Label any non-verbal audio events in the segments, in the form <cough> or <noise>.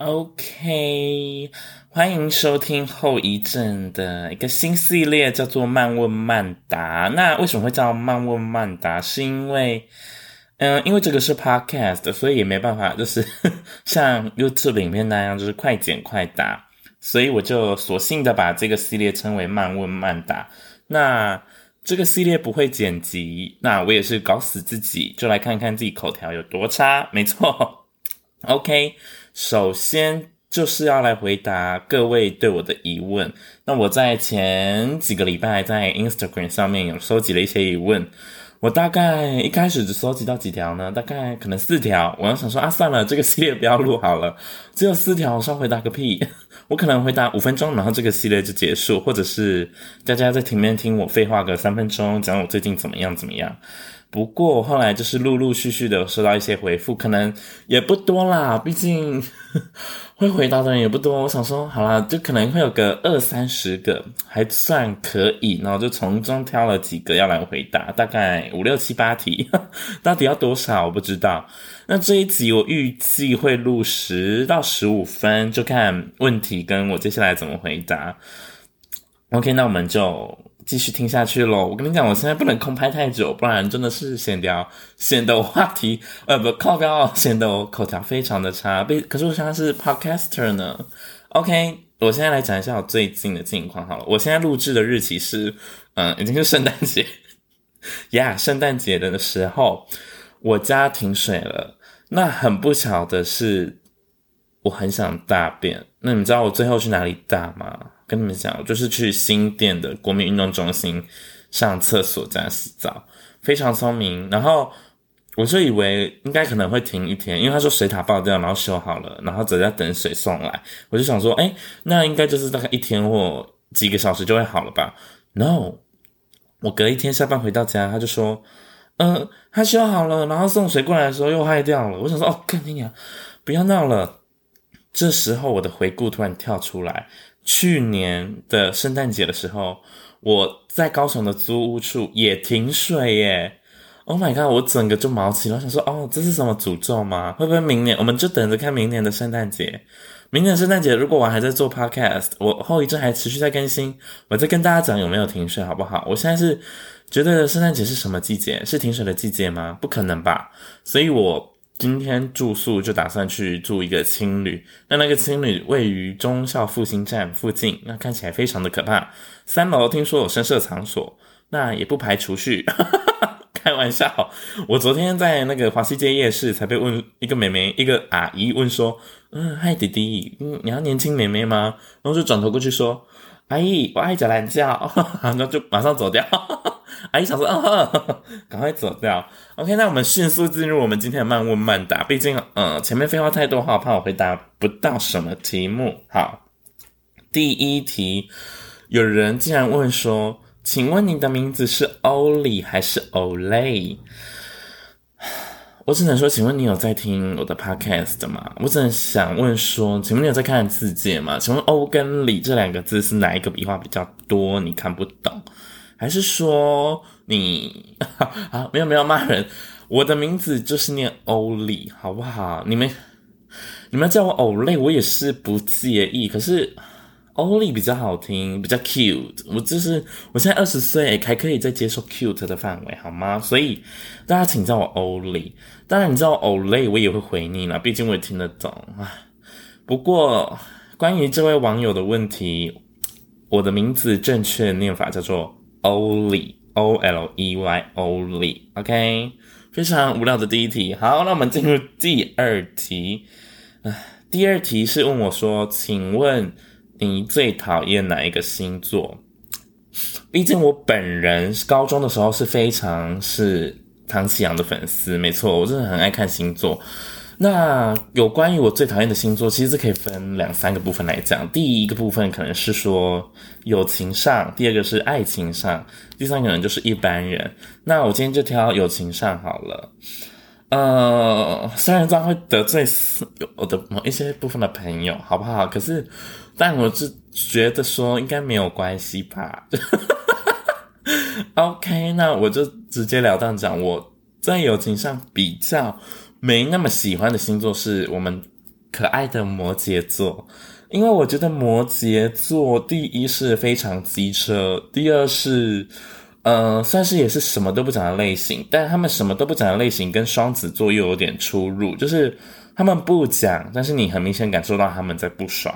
OK，歡迎收聽後遺症的一個新系列，叫做“慢問慢答”。那為什麼會叫“慢問慢答”？是因為，嗯、呃，因為這個是 Podcast，所以也沒辦法，就是 <laughs> 像 YouTube 裡面那樣，就是快剪快答。所以我就索性的把這個系列稱為“慢問慢答”。那這個系列不會剪輯，那我也是搞死自己，就來看看自己口條有多差。沒錯，OK。首先就是要來回答各位對我的疑問。那我在前幾個禮拜在 Instagram 上面有收集了一些疑問，我大概一開始只收集到幾條呢？大概可能四條。我要想說啊，算了，這個系列不要錄好了，只有四條，我說回答個屁！我可能回答五分鐘，然後這個系列就結束，或者是大家在前面聽我廢話個三分鐘，講我最近怎麼樣怎麼樣。不過後來就是陸陸續續的收到一些回復，可能也不多啦，畢竟會回答的人也不多。我想說，好啦，就可能會有個二三十個，還算可以。然後就從中挑了幾個要來回答，大概五六七八題，到底要多少我不知道。那這一集我預計會錄十到十五分，就看問題跟我接下來怎麼回答。OK，那我們就。繼續聽下去咯，我跟你講，我現在不能空拍太久，不然真的是顯得顯得我話題呃，不靠稿，顯得我口條非常的差。被可是我現在是 podcaster 呢。OK，我現在來講一下我最近的近況好了。我現在錄制的日期是嗯，已經是聖誕節呀。聖誕節的時候，我家停水了。那很不巧的是，我很想大便。那你知道我最後去哪裡大嗎？跟你們講，我就是去新店的國民運動中心上廁所，在洗澡，非常聰明。然後我就以為應該可能會停一天，因為他說水塔爆掉，然後修好了，然後正在等水送來。我就想說，哎，那應該就是大概一天或幾個小時就會好了吧。No，我隔一天下班回到家，他就說，嗯、呃，他修好了，然後送水過來的時候又壞掉了。我想說，哦，肯定啊，不要鬧了。這時候我的回顧突然跳出來。去年的聖誕節的時候，我在高雄的租屋處也停水耶！Oh my god，我整個就毛起來，想說哦，這是什麼詛咒嗎？會不會明年我們就等着看明年的聖誕節？明年的聖誕節如果我還在做 podcast，我後一陣還持續在更新，我再跟大家講有沒有停水，好不好？我現在是覺得聖誕節是什麼季節？是停水的季節嗎？不可能吧，所以我。今天住宿就打算去住一個青旅，那那個青旅位於忠孝復興站附近，那看起來非常的可怕。三樓聽說有聲色場所，那也不排除去。 <laughs> 開玩笑，我昨天在那個華西街夜市才被問一個美眉，一個阿姨問說：“嗯，嗨弟弟，嗯，你要年輕美眉嗎？”然後就轉頭過去說：“阿姨，我愛甲懶叫。”那就馬上走掉。阿姨常說：“哦，趕快走掉。” OK，那我們迅速進入我們今天的慢問慢答。畢竟，嗯、呃，前面廢話太多，我怕我回答不到什麼題目。好，第一題，有人竟然問說：“請問你的名字是歐裡還是歐雷？”我只能說：“請問你有在聽我的 podcast 嗎？”我只能想問說：“請問你有在看字節嗎？”請問“歐”跟“裡”這兩個字是哪一個筆畫比較多？你看不懂？還是說你啊？沒有沒有罵人，我的名字就是念歐里好不好？你們你們叫我歐蕾我也是不介意。可是歐里比較好聽，比較 cute。我就是我現在二十歲，還可以再接受 cute 的範圍，好嗎？所以大家請叫我歐里。當然，你知道歐蕾我也會回應啦，啊，畢竟我也聽得懂啊。不過，關於這位網友的問題，我的名字正確的念法叫做。Oly, O L E Y, Oly, OK。非常無聊的第一題，好，那我們進入第二題。唉，第二題是問我說，請問你最討厭哪一個星座？畢竟我本人高中的時候是非常是唐綺陽的粉絲，沒錯，我真的很愛看星座。那有關於我最討厭的星座，其實可以分兩三個部分來講。第一個部分可能是說友情上，第二個是愛情上，第三個可能就是一般人。那我今天就挑友情上好了。呃，雖然這樣會得罪我的某一些部分的朋友，好不好？可是，但我是覺得說應該沒有關係吧。 <laughs> OK，那我就直截了當講，我在友情上比較。沒那麼喜歡的星座是我們可愛的摩羯座，因為我覺得摩羯座第一是非常機車，第二是，嗯、呃，算是也是什麼都不講的類型，但他們什麼都不講的類型跟雙子座又有點出入，就是他們不講，但是你很明顯感受到他們在不爽，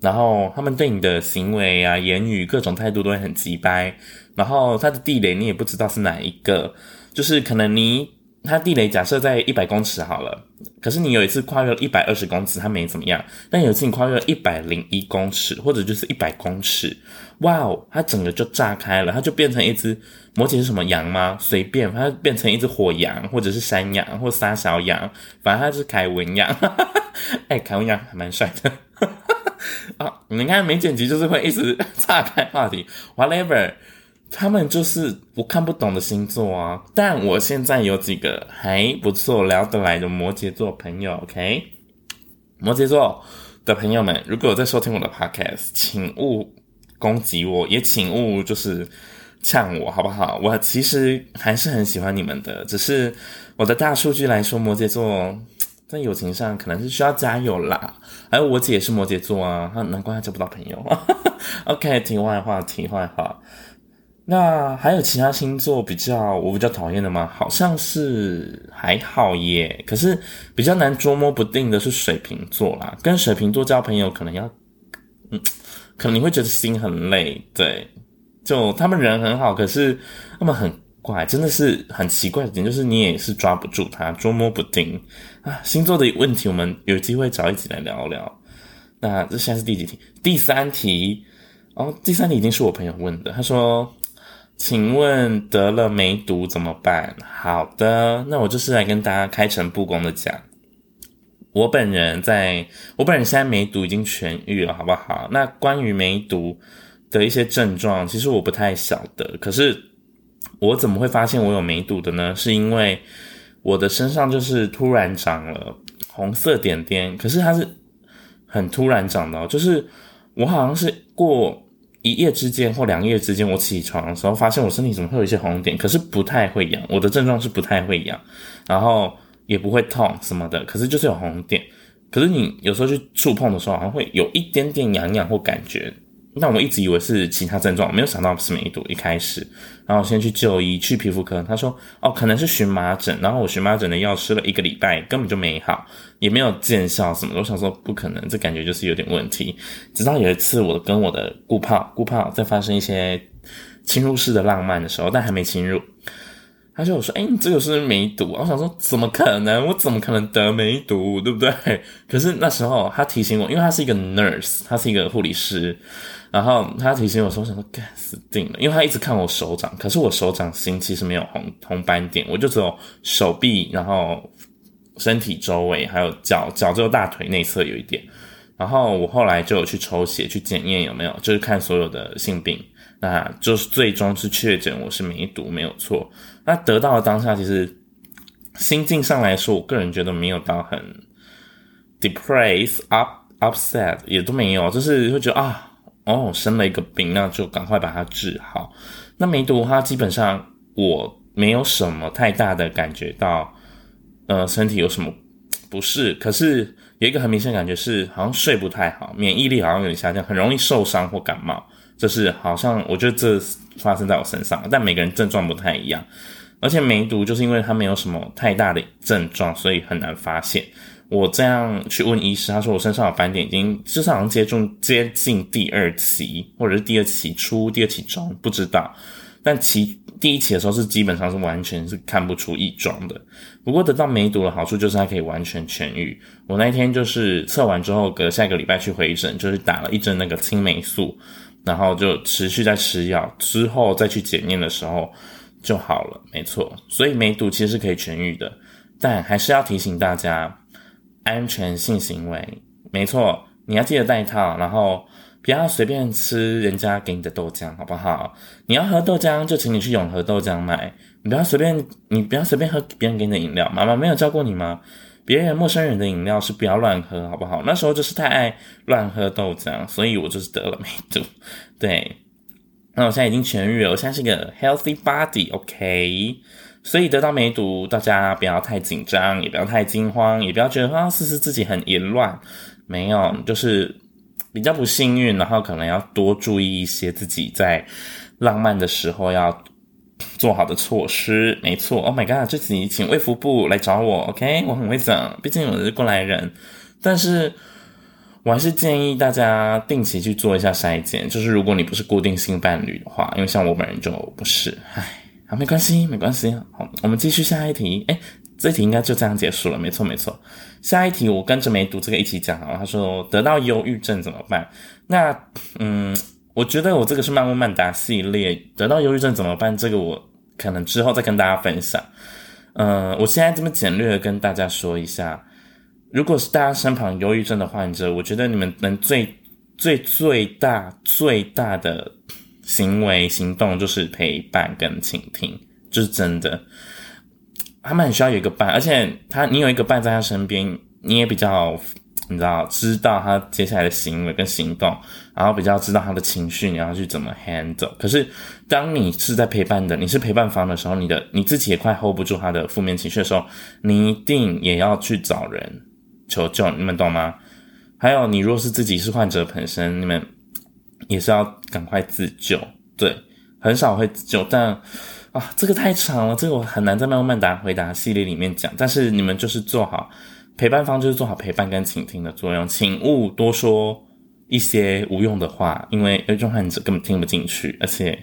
然後他們對你的行為啊、言語、各種態度都會很急掰，然後他的地雷你也不知道是哪一個，就是可能你。它地雷假設在一百公尺好了，可是你有一次跨越一百二十公尺，它沒怎麼樣；但有一次你跨越一百零一公尺，或者就是一百公尺，哇哦，它整個就炸開了，它就變成一隻摩羯是什麼羊嗎？隨便，它變成一隻火羊，或者是山羊，或沙小羊，反正它是凱文羊。哎、 <laughs> 欸，凱文羊還蠻帥的。啊、 <laughs> 哦，你看沒剪輯就是會一直岔開話題，whatever。他們就是我看不懂的星座啊，但我現在有幾個還不錯聊得來的摩羯座朋友，OK？摩羯座的朋友們，如果有在收聽我的 Podcast，請勿攻擊我，也請勿就是嗆我，好不好？我其實還是很喜歡你們的，只是我的大數據來說，摩羯座在友情上可能是需要加油啦。還有我姐也是摩羯座啊，難怪她交不到朋友。 <laughs> OK，題外話，題外話。那還有其他星座比較我比較討厭的嗎？好像是還好耶，可是比較難捉摸不定的是水瓶座啦。跟水瓶座交朋友可能要，嗯，可能你會覺得心很累，對，就他們人很好，可是他們很怪，真的是很奇怪的一點，就是你也是抓不住他，捉摸不定啊。星座的問題我們有機會找一起來聊聊。那這現在是第幾題？第三題，哦，第三題已經是我朋友問的，他說。請問得了梅毒怎麼辦？好的，那我就是來跟大家開誠布公的講，我本人在，我本人現在梅毒已經痊癒了，好不好？那關於梅毒的一些症狀，其實我不太曉得。可是我怎麼會發現我有梅毒的呢？是因為我的身上就是突然長了紅色點點，可是它是很突然長的哦，就是我好像是過。一夜之間或兩夜之間，我起床的時候發現我身體怎麼會有一些紅點？可是不太會癢，我的症狀是不太會癢，然後也不會痛什麼的，可是就是有紅點，可是你有時候去觸碰的時候，好像會有一點點癢癢或感覺。那我一直以為是其他症狀，沒有想到是梅毒。一開始，然後我先去就醫，去皮膚科，他說，哦，可能是蕁麻疹。然後我蕁麻疹的藥吃了一個禮拜，根本就沒好，也沒有見效什麼。我想說，不可能，這感覺就是有點問題。直到有一次，我跟我的固炮固炮在發生一些侵入式的浪漫的時候，但還沒侵入。他就我說：“哎、欸，你這個是梅毒、啊。”我想說：“怎麼可能？我怎麼可能得梅毒？對不對？”可是那時候他提醒我，因為他是一個 nurse，他是一個護理師，然後他提醒我說，我想說：“該死定了！”因為他一直看我手掌，可是我手掌心其實沒有紅紅斑點，我就只有手臂，然後身體周圍，還有腳，腳只有大腿內側有一點。然後我後來就有去抽血去檢驗有沒有，就是看所有的性病。那就是最終是確診我是梅毒，沒有錯。那得到的當下，其實心境上來說，我個人覺得沒有到很 depressed up upset，也都沒有，就是會覺得啊，哦，生了一個病，那就趕快把它治好。那梅毒，它基本上我沒有什麼太大的感覺到，呃，身體有什麼不適。可是有一個很明顯的感覺是，好像睡不太好，免疫力好像有點下降，很容易受傷或感冒。這、就是好像我覺得這發生在我身上，但每個人症狀不太一樣。而且梅毒就是因為它沒有什麼太大的症狀，所以很難發現。我這樣去問醫師，他說我身上有斑點，已經至少能接近接近第二期，或者是第二期初、第二期中，不知道。但其第一期的時候是基本上是完全是看不出異狀的。不過得到梅毒的好處就是它可以完全痊癒。我那一天就是測完之後，隔下一個禮拜去回診，就是打了一針那個青黴素，然後就持續在吃藥，之後再去檢驗的時候。就好了，沒錯。所以梅毒其實是可以痊癒的，但還是要提醒大家，安全性行為，沒錯，你要記得帶套，然後不要隨便吃人家給你的豆漿，好不好？你要喝豆漿就請你去永和豆漿買，你不要隨便，你不要隨便喝別人給你的飲料，媽媽沒有教過你嗎？別人陌生人的飲料是不要亂喝，好不好？那時候就是太愛亂喝豆漿，所以我就是得了梅毒，對。那、啊、我現在已經痊癒了，我現在是一個 healthy body，OK，okay？所以得到梅毒，大家不要太緊張，也不要太驚慌，也不要覺得啊，是是自己很淫亂，沒有，就是比較不幸運，然後可能要多注意一些自己在浪漫的時候要做好的措施。沒錯，Oh my god，這次你請衛福部來找我，OK，我很會講，畢竟我是過來人，但是。我還是建議大家定期去做一下篩檢，就是如果你不是固定性伴侶的話，因為像我本人就不是，唉，好，沒關係，沒關係。好，我們繼續下一題。哎，這題應該就這樣結束了，沒錯沒錯。下一題我跟着梅讀這個一起講啊。他說得到憂鬱症怎麼辦？那嗯，我覺得我這個是慢問慢答系列，得到憂鬱症怎麼辦？這個我可能之後再跟大家分享。嗯、呃，我現在這麼簡略的跟大家說一下。如果是大家身旁憂鬱症的患者，我覺得你們能最最最大最大的行為行動就是陪伴跟傾聽，就是真的。他們很需要有一個伴，而且他你有一個伴在他身邊，你也比較你知道知道他接下來的行為跟行動，然後比較知道他的情緒你要去怎麼 handle。可是當你是在陪伴的，你是陪伴方的時候，你的你自己也快 hold 不住他的負面情緒的時候，你一定也要去找人。求救，你們懂嗎？還有，你若是自己是患者本身，你們也是要趕快自救。對，很少會自救，但啊，這個太長了，這個我很難在慢問慢答回答系列裡面講。但是你們就是做好陪伴方，就是做好陪伴跟傾聽的作用，請勿多說一些無用的話，因為憂鬱症患者根本聽不進去，而且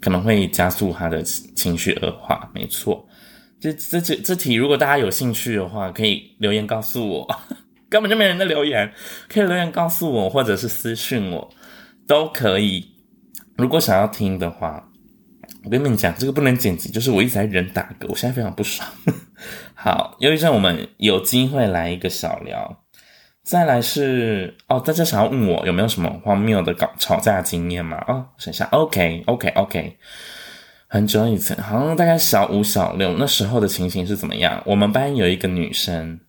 可能會加速他的情緒惡化。沒錯。這這這這題，如果大家有興趣的話，可以留言告訴我。 <laughs> 根本就沒人在留言，可以留言告訴我，或者是私信我都可以。如果想要聽的話，我跟你講，這個不能剪輯，就是我一直在人打嗝，我現在非常不爽。 <laughs> 好，憂鬱症，我們有機會來一個小聊。再來是哦，大家想要問我有沒有什麼荒謬的搞吵架經驗嗎？啊、哦，想一下，OK，OK，OK。Okay, okay, okay. 很久以前，好像大概小五、小六那時候的情形是怎麼樣？我們班有一個女生，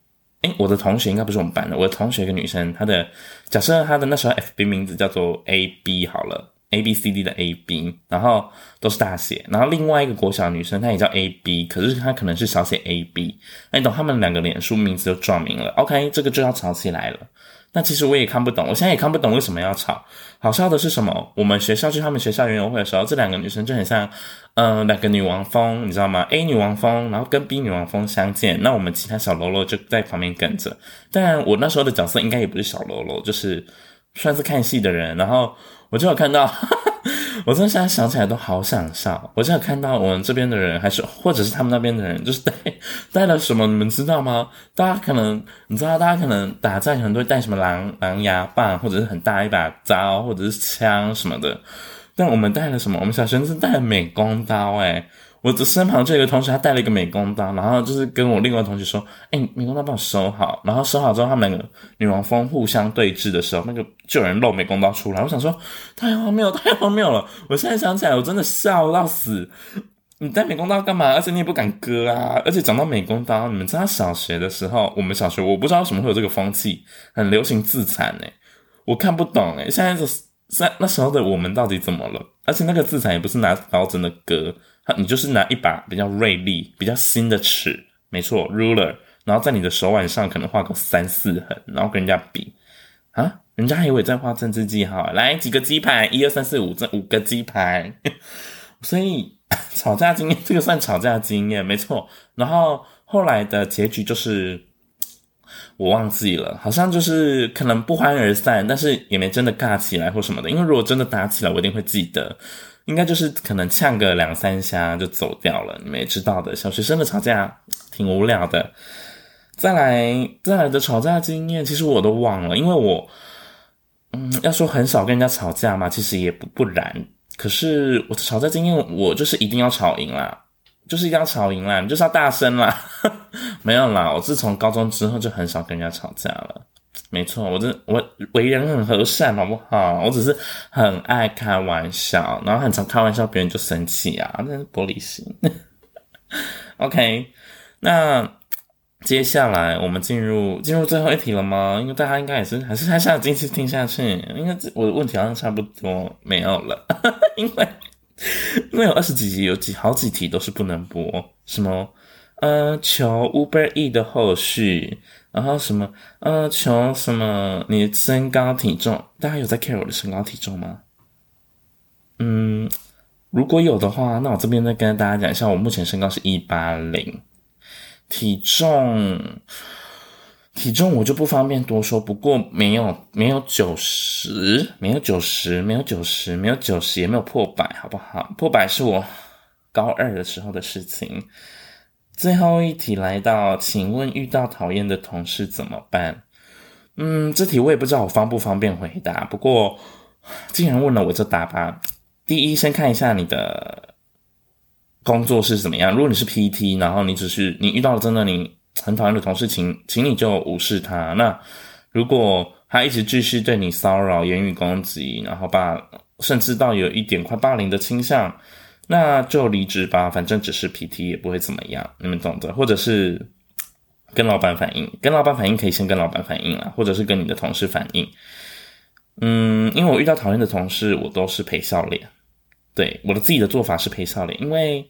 哎、欸，我的同學應該不是我們班的。我的同學一個女生，她的假設她的那時候 FB 名字叫做 AB 好了。A B C D 的 A B，然後都是大寫，然後另外一個國小女生，她也叫 A B，可是她可能是小寫 A B，那你懂她們兩個臉書名字就撞名了。OK，這個就要吵起來了。那其實我也看不懂，我現在也看不懂為什麼要吵。好笑的是什麼？我們學校去他們學校園遊會的時候，這兩個女生就很像，呃，兩個女王蜂，你知道嗎？A 女王蜂，然後跟 B 女王蜂相見，那我們其他小嘍囉就在旁邊跟着。當然我那時候的角色應該也不是小嘍囉，就是算是看戲的人，然後。我就有看到呵呵，我真的現在想起來都好想笑。我就有看到我們這邊的人，還是或者是他們那邊的人，就是帶帶了什麼，你們知道嗎？大家可能你知道，大家可能打仗可能都會帶什麼狼狼牙棒，或者是很大一把刀，或者是槍什麼的。但我們帶了什麼？我們小學生帶了美工刀，欸，哎。我的身旁這個同學，他帶了一個美工刀，然後就是跟我另外同學說：“哎、欸，美工刀幫我收好。”然後收好之後，他們兩個女王蜂互相對峙的時候，那個就有人露美工刀出來。我想說，太荒謬，太荒謬了！我現在想起來，我真的笑到死。你帶美工刀幹嘛？而且你也不敢割啊！而且講到美工刀，你們知道小學的時候，我們小學我不知道為什麼會有這個風氣，很流行自殘誒、欸、我看不懂哎、欸，現在是。在那時候的我們到底怎麼了？而且那個自殘也不是拿刀子的割，他你就是拿一把比較銳利、比較新的尺，沒錯，ruler，然後在你的手腕上可能畫個三四橫，然後跟人家比啊，人家還以為在畫政治記號、欸，來幾個雞排，一二三四五，這五個雞排， <laughs> 所以 <laughs> 吵架經驗這個算吵架經驗沒錯。然後後來的結局就是。我忘記了，好像就是可能不歡而散，但是也沒真的尬起來或什麼的。因為如果真的打起來，我一定會記得。應該就是可能嗆個兩三下就走掉了，你們也知道的。小學生的吵架挺無聊的。再來，再來的吵架經驗，其實我都忘了，因為我，嗯，要說很少跟人家吵架嘛，其實也不不然。可是我的吵架經驗，我就是一定要吵贏啦。就是要吵贏啦，你就是要大聲啦， <laughs> 沒有啦。我自從高中之後就很少跟人家吵架了。沒錯，我這我為人很和善，好不好？我只是很愛開玩笑，然後很常開玩笑，別人就生氣啊，真是玻璃心。 <laughs> OK，那接下來我們進入進入最後一題了嗎？因為大家應該也是還是還是還想繼續聽下去，因為我的問題好像差不多沒有了， <laughs> 因為。因 <laughs> 為有二十幾集，有幾好幾題都是不能播，什麼呃求 Uber E 的後續，然後什麼呃求什麼你身高體重，大家有在 care 我的身高體重嗎？嗯，如果有的話，那我這邊再跟大家講一下，我目前身高是一八零，體重。體重我就不方便多說，不過沒有沒有九十，沒有九十，沒有九十，沒有九十，也沒有破百，好不好？破百是我高二的時候的事情。最後一題來到，請問遇到討厭的同事怎麼辦？嗯，這題我也不知道我方不方便回答，不過既然問了我就答吧。第一，先看一下你的工作是怎麼樣。如果你是 PT，然後你只是你遇到了真的你。很討厭的同事請，請請你就無視他。那如果他一直繼續對你騷擾、言語攻擊，然後把甚至到有一點快霸凌的傾向，那就離職吧，反正只是 PT 也不會怎麼樣，你們懂得。或者是跟老闆反映，跟老闆反映可以先跟老闆反映啦，啊，或者是跟你的同事反映。嗯，因為我遇到討厭的同事，我都是陪笑臉。對，我的自己的做法是陪笑臉，因為。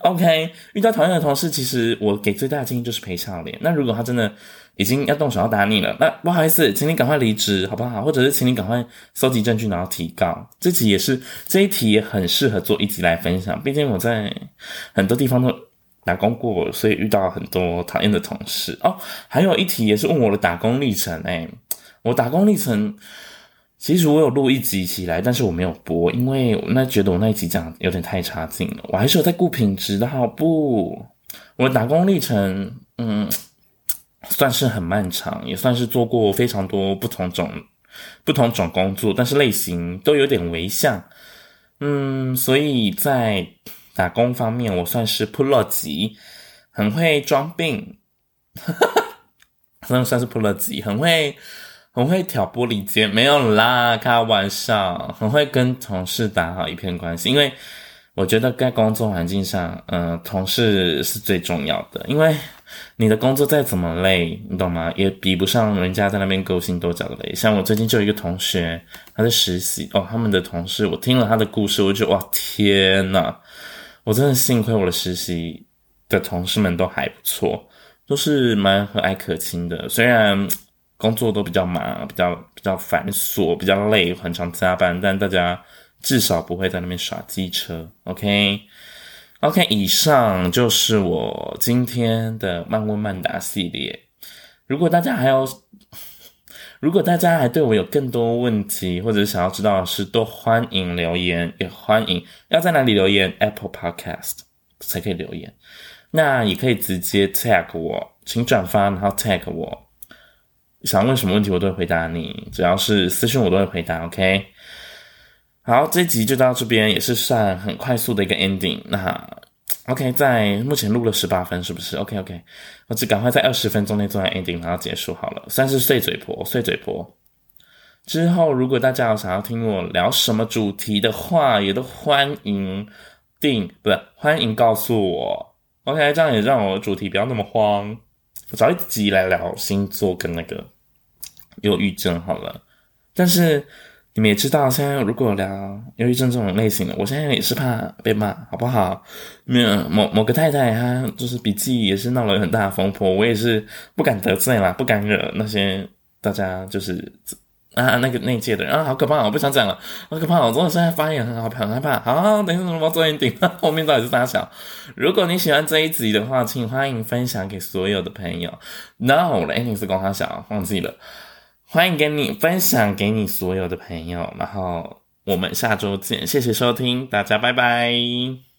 OK，遇到討厭的同事，其實我給最大的建議就是陪笑臉。那如果他真的已經要動手要打你了，那不好意思，請你趕快離職，好不好？或者是請你趕快收集證據，然後提告。這題也是這一題也很適合做一集來分享。畢竟我在很多地方都打工過，所以遇到很多討厭的同事哦。還有一題也是問我的打工歷程，哎、欸，我打工歷程。其實我有錄一集起來，但是我沒有播，因為那覺得我那一集講有點太差勁了。我還是有在顧品質的，好不？我的打工歷程，嗯，算是很漫長，也算是做過非常多不同種、不同種工作，但是類型都有點微像。嗯，所以在打工方面，我算是普樂吉，很會裝病，哈哈，哈算是普樂吉，很會。很會挑撥離間，沒有啦，開玩笑。很會跟同事打好一片關係，因為我覺得在工作環境上，呃，同事是最重要的。因為你的工作再怎麼累，你懂嗎？也比不上人家在那邊勾心鬥角的累。像我最近就有一個同學，他在實習哦，他們的同事，我聽了他的故事，我就哇，天哪！我真的幸虧我的實習的同事們都還不錯，都是蠻和藹可親的，雖然，工作都比較忙，比較比較繁瑣，比較累，很常加班。但大家至少不會在那邊耍機車。OK，OK，OK? OK, 以上就是我今天的慢問慢答系列。如果大家還有，如果大家還對我有更多問題，或者想要知道的事，都歡迎留言，也歡迎要在哪裡留言？Apple Podcast 才可以留言。那也可以直接 Tag 我，請轉發，然後 Tag 我。想問什麼問題我都會回答你，只要是私信我都會回答。OK，好，這集就到這邊，也是算很快速的一個 ending 那。那 OK，在目前錄了十八分，是不是？OK，OK，OK, OK, 我只趕快在二十分鐘內做完 ending，然後結束好了，算是碎嘴婆，碎嘴婆。之後如果大家有想要聽我聊什麼主題的話，也都歡迎定，不是歡迎告訴我。OK，這樣也讓我的主題不要那麼慌。我找一集來聊星座跟那個憂鬱症好了，但是你們也知道，現在如果聊憂鬱症這種類型的，我現在也是怕被罵，好不好？沒有，某某個太太，她就是筆記也是鬧了很大的風波，我也是不敢得罪啦，不敢惹那些大家就是。啊，那個那屆的人，人啊，好可怕，我不想講了，好可怕，我真的現在發現很好怕，很害怕。好，等一下我們做一點，後面到底是三小。如果你喜歡這一集的話，請歡迎分享給所有的朋友。No，我的 ending 是公小，忘記了。歡迎跟你分享給你所有的朋友，然後我們下周見，謝謝收聽，大家拜拜。